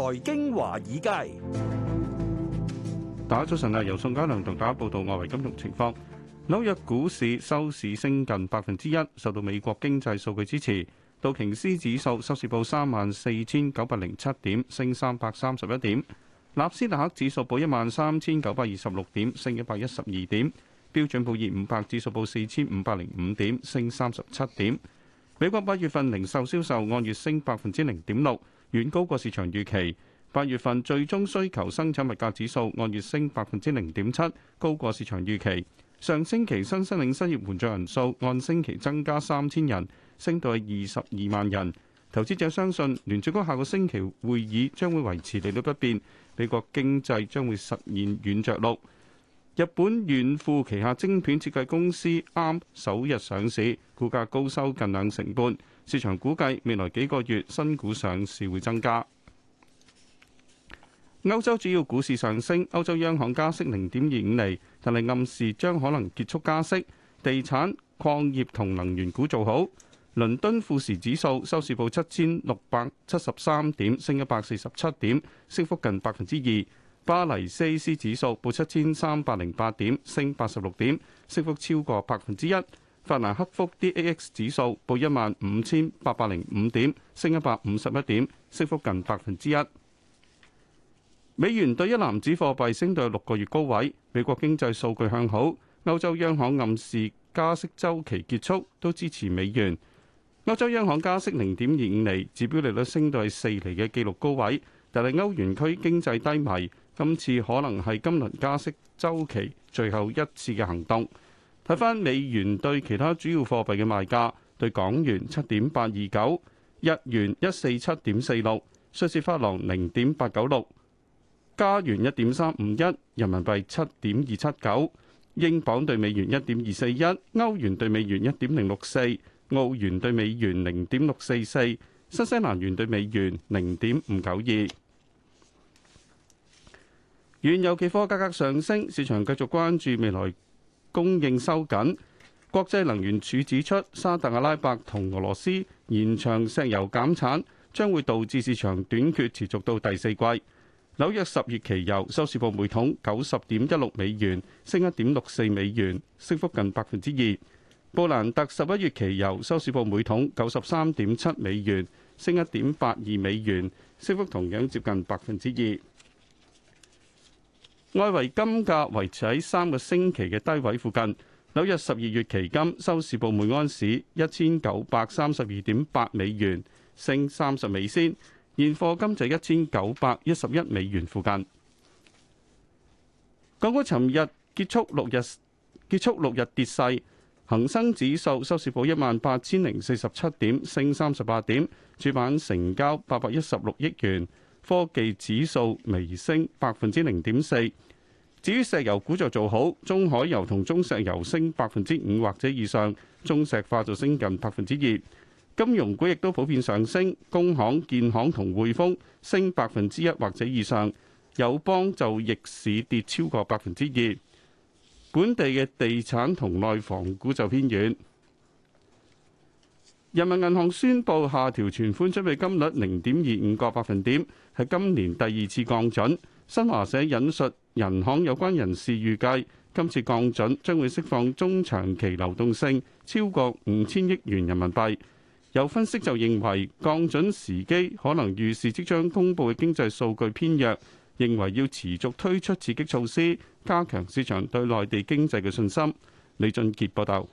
財經華爾街，大家早晨啊！由宋嘉良同大家報道外圍金融情況。紐約股市收市升近百分之一，受到美國經濟數據支持。道瓊斯指數收市報三萬四千九百零七點，升三百三十一點。納斯達克指數報一萬三千九百二十六點，升一百一十二點。標準普爾五百指數報四千五百零五點，升三十七點。美國八月份零售銷售按月升百分之零點六。遠高過市場預期，八月份最終需求生產物價指數按月升百分之零點七，高過市場預期。上星期新申領失業援助人數按星期增加三千人，升到係二十二萬人。投資者相信聯儲局下個星期會議將會維持利率不變，美國經濟將會實現軟着陸。日本軟銀旗下晶片設計公司啱首日上市，股價高收近兩成半。市場估計未來幾個月新股上市會增加。歐洲主要股市上升，歐洲央行加息零點二五釐，但係暗示將可能結束加息。地產、礦業同能源股做好。倫敦富時指數收市報七千六百七十三點，升一百四十七點，升幅近百分之二。巴黎 CAC 指數報七千三百零八點，升八十六點，升幅超過百分之一。法蘭克福 DAX 指數報一萬五千八百零五點，升一百五十一點，升幅近百分之一。美元對一籃子貨幣升到六個月高位，美國經濟數據向好，歐洲央行暗示加息周期結束，都支持美元。歐洲央行加息零點二五厘，指標利率升到四厘嘅紀錄高位。但係歐元區經濟低迷，今次可能係今輪加息周期最後一次嘅行動。睇返美元對其他主要貨幣嘅賣價，對港元七點八二九，日元一四七點四六，瑞士法郎零點八九六，加元一點三五一，人民幣七點二七九，英鎊對美元一點二四一，歐元對美元一點零六四，澳元對美元零點六四四，新西蘭元對美元零點五九二。原油期貨價格上升，市場繼續關注未來。供應收緊，國際能源署指出，沙特阿拉伯同俄羅斯延長石油減產，將會導致市場短缺持續到第四季。紐約十月期油收市報每桶九十點一六美元，升一點六四美元，升幅近百分之二。布蘭特十一月期油收市報每桶九十三點七美元，升一點八二美元，升幅同樣接近百分之二。外圍金價維持喺三個星期嘅低位附近。紐約十二月期金收市報每安士一千九百三十二點八美元，升三十美仙。現貨金就一千九百一十一美元附近。港股尋日結束六日結束六日跌勢，恒生指數收市報一萬八千零四十七點，升三十八點，主板成交八百一十六億元。科技指數微升百分之零點四，至於石油股就做好，中海油同中石油升百分之五或者以上，中石化就升近百分之二。金融股亦都普遍上升，工行、建行同匯豐升百分之一或者以上，友邦就逆市跌超過百分之二。本地嘅地產同內房股就偏軟。人民銀行宣布下調存款準備金率零點二五個百分點，係今年第二次降準。新華社引述人行有關人士預計，今次降準將會釋放中長期流動性超過五千億元人民幣。有分析就認為，降準時機可能預示即將公布嘅經濟數據偏弱，認為要持續推出刺激措施，加強市場對內地經濟嘅信心。李俊杰報道。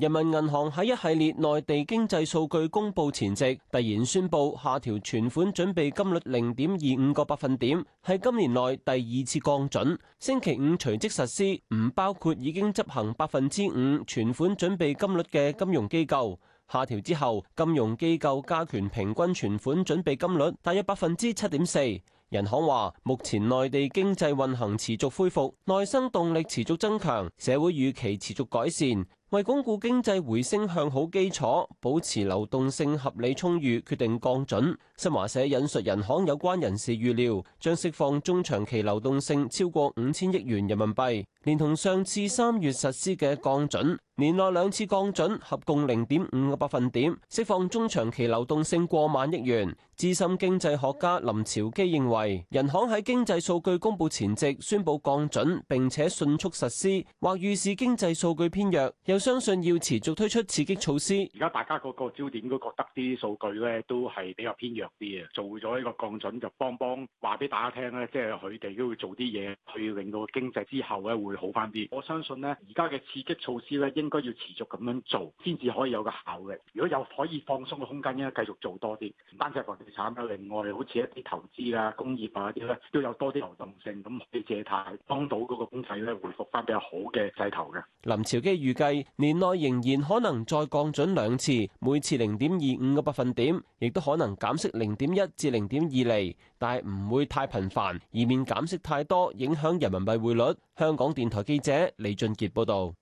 人民銀行喺一系列內地經濟數據公布前夕，突然宣布下調存款準備金率零點二五個百分點，係今年內第二次降準。星期五隨即實施，唔包括已經執行百分之五存款準備金率嘅金融機構。下調之後，金融機構加權平均存款準備金率大約百分之七點四。人行話，目前內地經濟運行持續恢復，內生動力持續增強，社會預期持續改善。為鞏固經濟回升向好基礎，保持流動性合理充裕，決定降準。新華社引述人行有關人士預料，將釋放中長期流動性超過五千億元人民幣，連同上次三月實施嘅降準，年內兩次降準合共零點五個百分點，釋放中長期流動性過萬億元。資深經濟學家林朝基認為，人行喺經濟數據公布前夕宣布降準，並且迅速實施，或預示經濟數據偏弱，又相信要持續推出刺激措施。而家大家嗰個焦點都覺得啲數據咧都係比較偏弱。啲啊，做咗呢個降準就幫幫話俾大家聽咧，即係佢哋都會做啲嘢去令到經濟之後咧會好翻啲。我相信咧，而家嘅刺激措施咧應該要持續咁樣做，先至可以有個效力。如果有可以放鬆嘅空間，應該繼續做多啲。唔單止房地產啦，另外好似一啲投資啊、工業啊啲咧，都有多啲流動性，咁啲借貸幫到嗰個經濟咧回復翻比較好嘅勢頭嘅。林朝基預計年內仍然可能再降準兩次，每次零點二五個百分點，亦都可能減息。零點一至零點二厘，但係唔會太頻繁，以免減息太多影響人民幣匯率。香港電台記者李俊杰報道。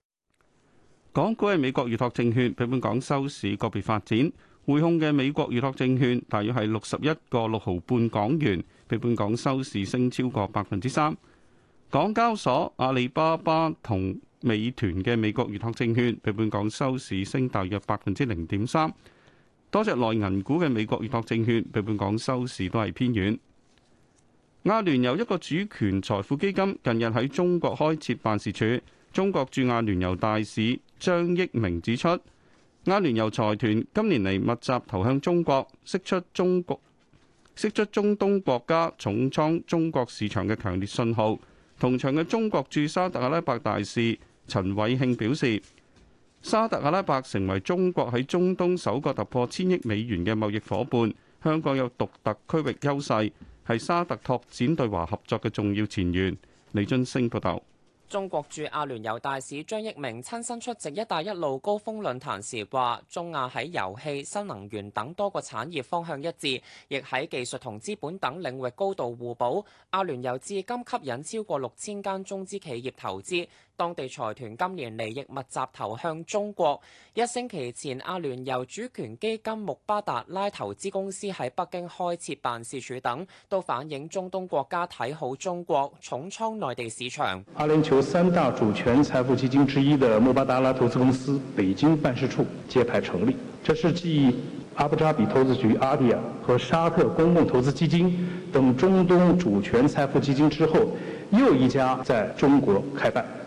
港股係美國預託證券，比本港收市個別發展。匯控嘅美國預託證券大約係六十一個六毫半港元，比本港收市升超過百分之三。港交所、阿里巴巴同美團嘅美國預託證券，比本港收市升大約百分之零點三。多隻內銀股嘅美國預託證券，比本港收市都係偏軟。阿聯酋一個主權財富基金近日喺中國開設辦事處。中國駐阿聯酋大使張益明指出，阿聯酋財團今年嚟密集投向中國，釋出中國釋出中東國家重倉中國市場嘅強烈信號。同場嘅中國駐沙特阿拉伯大使陳偉慶表示。沙特阿拉伯成為中國喺中東首個突破千億美元嘅貿易伙伴。香港有獨特區域優勢，係沙特拓展對華合作嘅重要前沿。李津升報導。中國駐阿聯酋大使張益明親身出席一帶一路高峰論壇時話：中亞喺油氣、新能源等多個產業方向一致，亦喺技術同資本等領域高度互補。阿聯酋至今吸引超過六千間中資企業投資。當地財團今年利益密集投向中國。一星期前，阿聯酋主權基金穆巴達拉投資公司喺北京開設辦事處等，都反映中東國家睇好中國，重倉內地市場。阿聯酋三大主權財富基金之一的穆巴達拉投資公司北京辦事處揭牌成立，這是繼阿布扎比投資局阿迪亞和沙特公共投資基金等中東主權財富基金之後，又一家在中國開辦。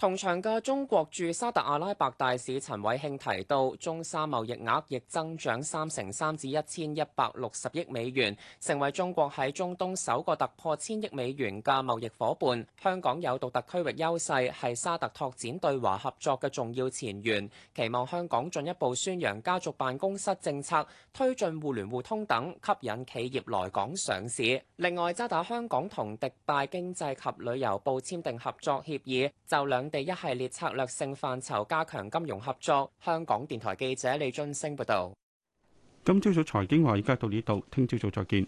同場嘅中國駐沙特阿拉伯大使陳偉慶提到，中沙貿易額亦增長三成三至一千一百六十億美元，成為中國喺中東首個突破千億美元嘅貿易夥伴。香港有獨特區域優勢，係沙特拓展對華合作嘅重要前沿。期望香港進一步宣揚家族辦公室政策，推進互聯互通等，吸引企業來港上市。另外，渣打香港同迪拜經濟及旅遊部簽訂合作協議，就兩地一系列策略性範疇加強金融合作。香港電台記者李俊升報道。今朝早財經話，而家到呢度，聽朝早再見。